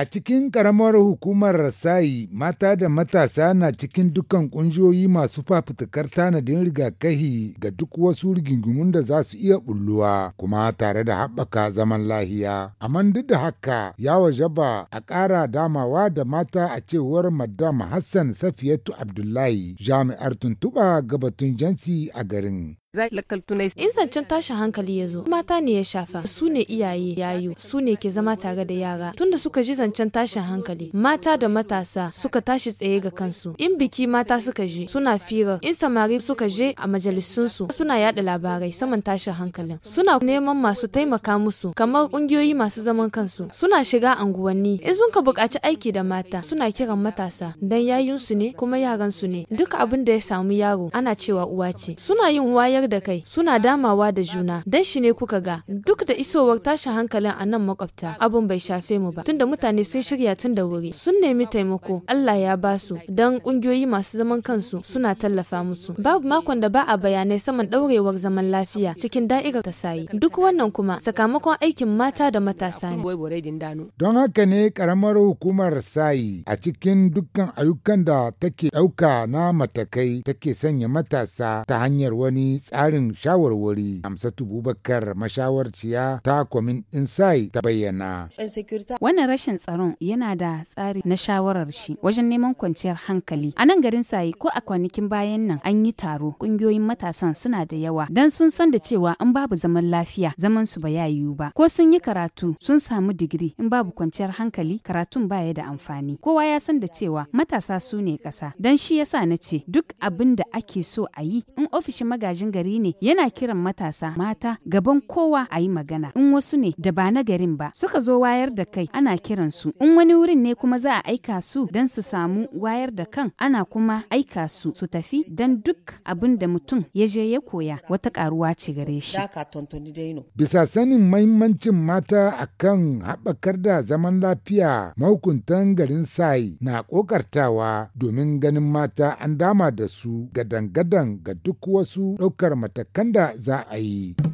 A cikin ƙaramar hukumar rasayi mata da matasa na cikin dukkan ƙungiyoyi masu fafutukar tanadin rigakahi ga duk wasu rigingimun da za su iya bulluwa kuma tare da haɓaka zaman lahiya. Amma duk da haka ya waje ba a ƙara damawa da mata a cewar Madam Hassan Safiyatu Abdullahi jami'ar tuntuɓa gabatun jansi a garin. In zancen tashin hankali ya zo, mata ne ya shafa, su ne iyaye yayu su ne ke zama tare da yara. Tunda suka ji zancen tashin hankali, mata da matasa suka tashi tsaye ga kansu. In biki mata suka je, suna fira, in samari suka je a majalisunsu, suna yada labarai saman tashin hankalin. Suna neman masu taimaka musu, kamar ƙungiyoyi masu zaman kansu. Suna shiga anguwanni, in sun ka buƙaci aiki da mata, suna kiran matasa, dan yayunsu ne kuma yaransu ne. Duk abin da ya samu yaro, ana cewa uwa ce. Suna yin waya wayar da kai suna damawa da juna dan shi ne kuka ga duk da isowar tashin hankalin a nan makwabta abun bai shafe mu ba tunda mutane sun shirya tun da wuri sun nemi taimako Allah ya ba su dan kungiyoyi masu zaman kansu suna tallafa musu babu makon da ba a bayanai saman daurewar zaman lafiya cikin da'irar ta sayi duk wannan kuma sakamakon aikin mata da matasa ne don haka ne karamar hukumar sayi a cikin dukkan ayyukan da take dauka na matakai take sanya matasa ta hanyar wani tsarin shawarwari amsatu bubakar mashawarciya ta kwamin insai ta bayyana wannan rashin tsaron yana da tsari na shawarar shi wajen neman kwanciyar hankali a nan garin sayi ko a kwanakin bayan nan an yi taro ƙungiyoyin matasan suna da yawa dan sun san da cewa in babu zaman lafiya zaman su ba ya yiwu ba ko sun yi karatu sun samu digiri in babu kwanciyar hankali karatun baya da amfani kowa ya san da cewa matasa su ne kasa dan shi yasa na ce duk abin da ake so a yi in ofishin magajin gari ne yana kiran matasa mata gaban kowa a yi magana in wasu ne da ba na garin ba suka zo wayar da kai ana kiran su in wani wurin ne kuma za a aika su don su samu wayar da kan ana kuma aika su su tafi don duk abin da mutum ya je ya koya wata karuwa ce gare shi bisa sanin mahimmancin mata a kan haɓakar da zaman lafiya mahukuntan garin sai na ƙoƙartawa domin ganin mata an dama da su gadan-gadan ga duk wasu ɗaukar ɗaukar matakan da za a yi.